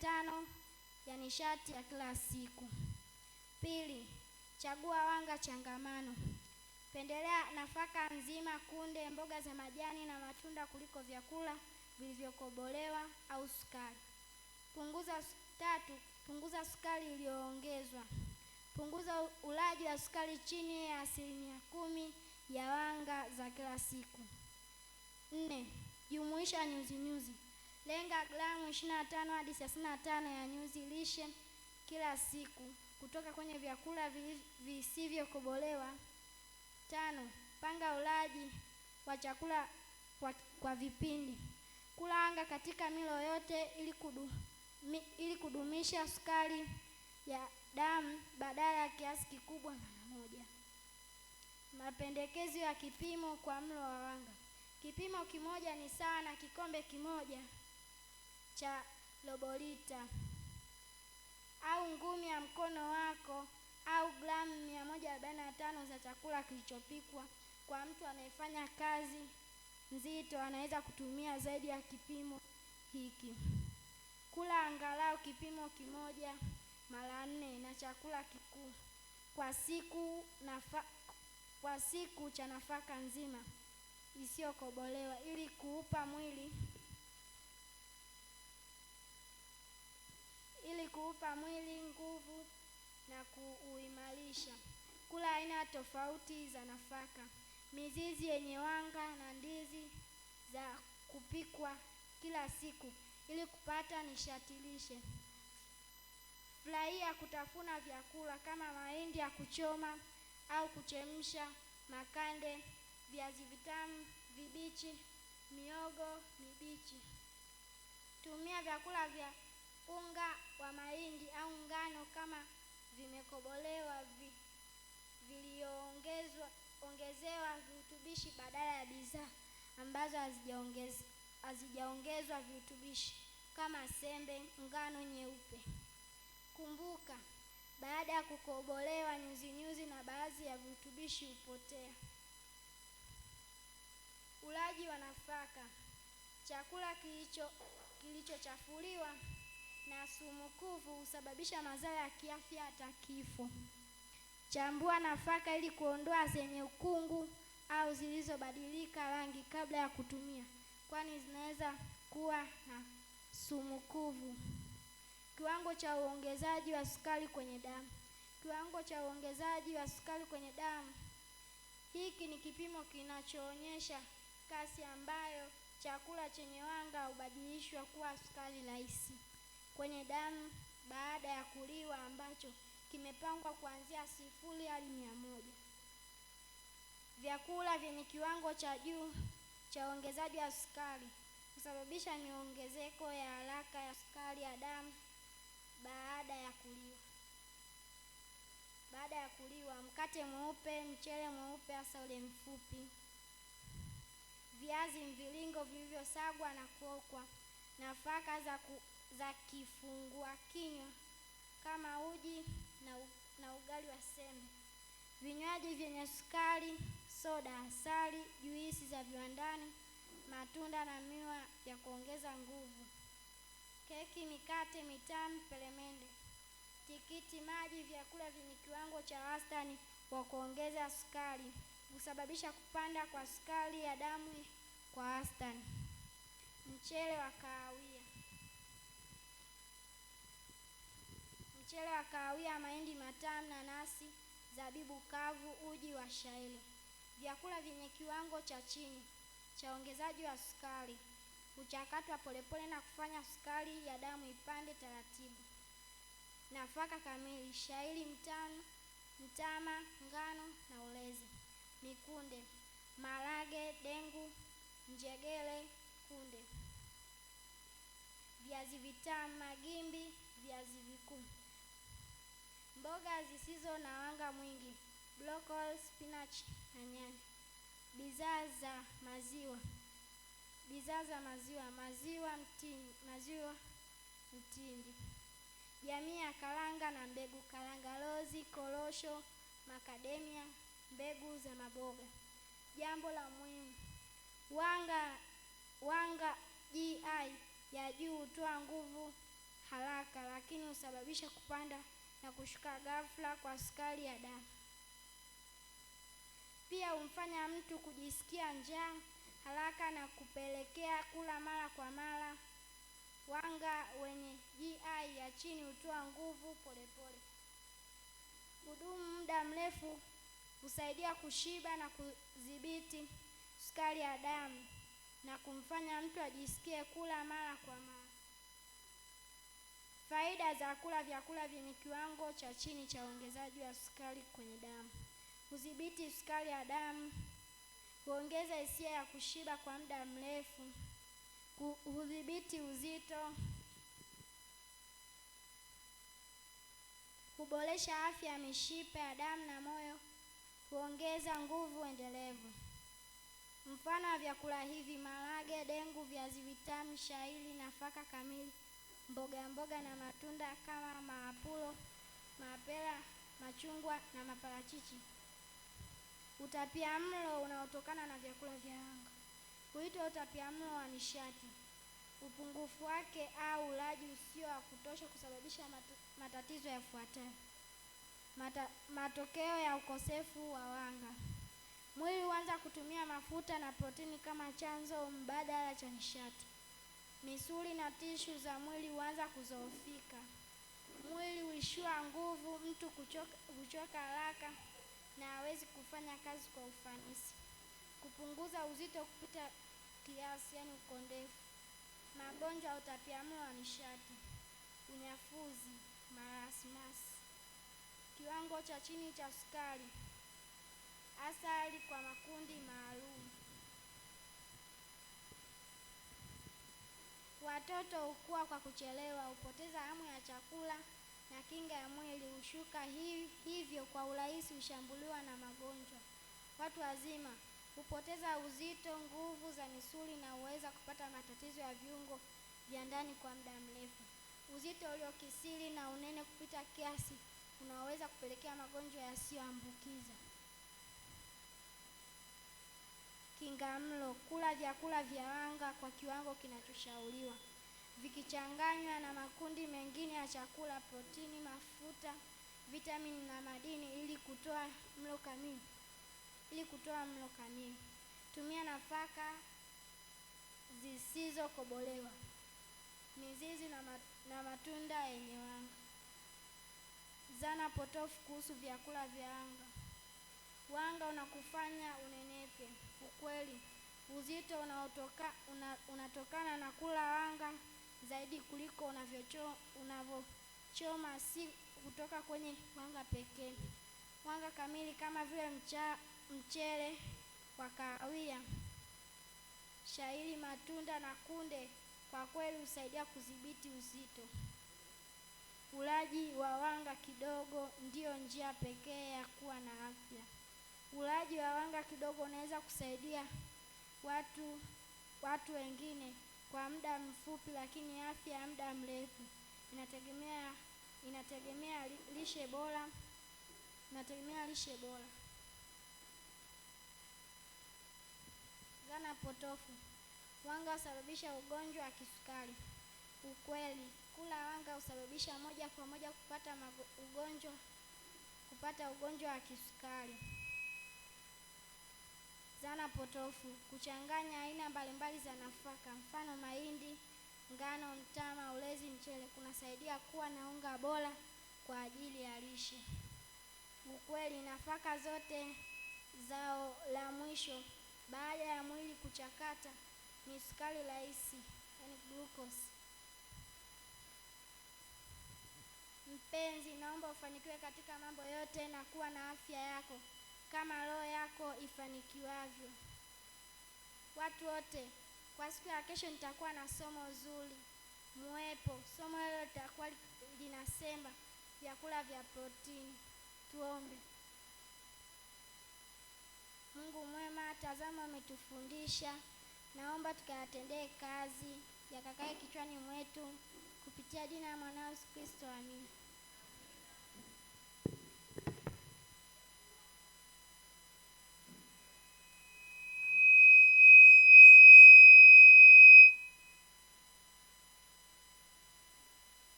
tano ya nishati ya kila siku. Pili, chagua wanga changamano. Pendelea nafaka nzima, kunde, mboga za majani na matunda kuliko vyakula vilivyokobolewa au sukari. Punguza tatu, punguza sukari iliyoongezwa. Punguza ulaji wa sukari chini ya asilimia kumi ya wanga za kila siku. Nne, jumuisha nyuzinyuzi. Lenga gramu 25 hadi 35 ya nyuzi lishe kila siku kutoka kwenye vyakula visivyokobolewa. Tano, panga ulaji wa chakula kwa, kwa vipindi. Kula wanga katika milo yote ili, kudu, mi, ili kudumisha sukari ya damu badala ya kiasi kikubwa mara moja. Mapendekezo ya kipimo kwa mlo wa wanga: kipimo kimoja ni sawa na kikombe kimoja cha lobolita au ngumi ya mkono wako au gramu mia moja arobaini na tano za chakula kilichopikwa. Kwa mtu anayefanya kazi nzito, anaweza kutumia zaidi ya kipimo hiki. Kula angalau kipimo kimoja mara nne na chakula kikuu kwa siku nafa, kwa siku cha nafaka nzima isiyokobolewa ili kuupa mwili ili kuupa mwili nguvu na kuuimarisha. Kula aina tofauti za nafaka, mizizi yenye wanga na ndizi za kupikwa kila siku ili kupata nishati lishe. Furahia kutafuna vyakula kama mahindi ya kuchoma au kuchemsha, makande, viazi vitamu vibichi, miogo mibichi. Tumia vyakula vya unga wa mahindi au ngano kama vimekobolewa vi, viliongezwa virutubishi badala ya bidhaa ambazo hazijaongezwa virutubishi kama sembe, ngano nyeupe. Kumbuka, baada ya kukobolewa, nyuzinyuzi na baadhi ya virutubishi hupotea. Ulaji wa nafaka: chakula kilicho kilichochafuliwa Sumu kuvu husababisha madhara ya kiafya hata kifo. Chambua nafaka ili kuondoa zenye ukungu au zilizobadilika rangi kabla ya kutumia, kwani zinaweza kuwa na sumu kuvu. Kiwango cha uongezaji wa sukari kwenye damu. Kiwango cha uongezaji wa sukari kwenye damu. Hiki ni kipimo kinachoonyesha kasi ambayo chakula chenye wanga hubadilishwa kuwa sukari rahisi kwenye damu baada ya kuliwa ambacho kimepangwa kuanzia sifuri hadi mia moja. Vyakula vyenye kiwango cha juu cha uongezaji wa sukari kusababisha miongezeko ya haraka ya sukari ya damu baada ya kuliwa. Baada ya kuliwa, mkate mweupe, mchele mweupe, hasa ule mfupi, viazi mviringo vilivyosagwa na kuokwa, nafaka za ku za kifungua kinywa kama uji na, na ugali wa sembe, vinywaji vyenye sukari, soda, asali, juisi za viwandani, matunda na miwa ya kuongeza nguvu, keki, mikate mitamu, peremende, tikiti maji, vyakula vyenye kiwango cha wastani wa kuongeza sukari husababisha kupanda kwa sukari ya damu kwa wastani, mchele wa kahawia mchele wa kahawia, mahindi matamu, nanasi, zabibu kavu, uji wa shayiri. Vyakula vyenye kiwango cha chini cha ongezaji wa sukari huchakatwa polepole na kufanya sukari ya damu ipande taratibu. Nafaka kamili: shayiri, mtano, mtama, ngano na ulezi, mikunde, marage dengu, njegele kunde, viazi vitamu, magimbi, viazi vikuu mboga zisizo na wanga mwingi, broccoli, spinach na nyanya. Bidhaa za maziwa. Bidhaa za maziwa, maziwa mtindi, maziwa mtindi. Jamii ya karanga na mbegu: lozi, korosho, makademia, mbegu za maboga. Jambo la muhimu: wanga wanga GI ya juu hutoa nguvu haraka, lakini husababisha kupanda na kushuka ghafla kwa sukari ya damu. Pia humfanya mtu kujisikia njaa haraka na kupelekea kula mara kwa mara. Wanga wenye GI ya chini hutoa nguvu polepole. Kudumu muda mrefu husaidia kushiba na kudhibiti sukari ya damu na kumfanya mtu ajisikie kula mara kwa mara. Faida za kula vyakula vyenye kiwango cha chini cha uongezaji wa sukari kwenye damu: kudhibiti sukari ya damu, huongeza hisia ya kushiba kwa muda mrefu, hudhibiti uzito, kuboresha afya ya mishipa ya damu na moyo, huongeza nguvu endelevu. Mfano wa vyakula hivi: maharage, dengu, viazi vitamu, shayiri, nafaka kamili mboga mboga na matunda kama maapulo, mapera, machungwa na maparachichi. utapia mlo unaotokana na vyakula vya wanga huitwa mlo wa nishati. Upungufu wake au ulaji usio wa kutosha kusababisha matatizo yafuatayo: Mata, matokeo ya ukosefu wa wanga. Mwili huanza kutumia mafuta na protini kama chanzo mbadala cha nishati misuli na tishu za mwili huanza kuzoofika, mwili huishiwa nguvu, mtu kuchoka, kuchoka haraka na hawezi kufanya kazi kwa ufanisi, kupunguza uzito kupita kiasi, yaani ukondefu, magonjwa ya utapiamlo wa nishati, unyafuzi, marasmasi, kiwango cha chini cha sukari, athari kwa Watoto hukua kwa kuchelewa, hupoteza hamu ya chakula na kinga ya mwili hushuka, hivyo kwa urahisi hushambuliwa na magonjwa. Watu wazima hupoteza uzito, nguvu za misuli na huweza kupata matatizo ya viungo vya ndani kwa muda mrefu. Uzito uliokisiri na unene kupita kiasi unaweza kupelekea magonjwa yasiyoambukiza. Kingamlo: kula vyakula vya wanga kwa kiwango kinachoshauriwa vikichanganywa na makundi mengine ya chakula, protini, mafuta, vitamini na madini ili kutoa mlo kamili. Ili kutoa mlo kamili, tumia nafaka zisizokobolewa, mizizi na matunda yenye wanga. Zana potofu kuhusu vyakula vya wanga. Wanga unakufanya unenepe. Ukweli, uzito unaotoka, una, unatokana na kula wanga zaidi kuliko unavyochoma si kutoka kwenye mwanga pekee. Mwanga kamili kama vile mcha, mchele wa kahawia, shairi, matunda na kunde kwa kweli husaidia kudhibiti uzito. Ulaji wa wanga kidogo ndiyo njia pekee ya kuwa na afya. Ulaji wa wanga kidogo unaweza kusaidia watu watu wengine kwa muda mfupi, lakini afya ya muda mrefu inategemea inategemea lishe bora inategemea lishe bora. zana potofu: wanga husababisha ugonjwa wa kisukari. Ukweli, kula wanga husababisha moja kwa moja kupata ugonjwa kupata ugonjwa wa kisukari zana potofu, kuchanganya aina mbalimbali za nafaka, mfano mahindi, ngano, mtama, ulezi, mchele, kunasaidia kuwa na unga bora kwa ajili ya lishe. Ukweli, nafaka zote zao la mwisho baada ya mwili kuchakata ni sukari rahisi, yani glucose. Mpenzi, naomba ufanikiwe katika mambo yote na kuwa na afya yako kama roho yako ifanikiwavyo. Watu wote, kwa siku ya kesho nitakuwa na somo zuri, muwepo. Somo hilo litakuwa linasema vyakula vya protini. Tuombe. Mungu mwema, tazama umetufundisha, naomba tukayatendee kazi, yakakae kichwani mwetu, kupitia jina la mwanao Yesu Kristo, amina.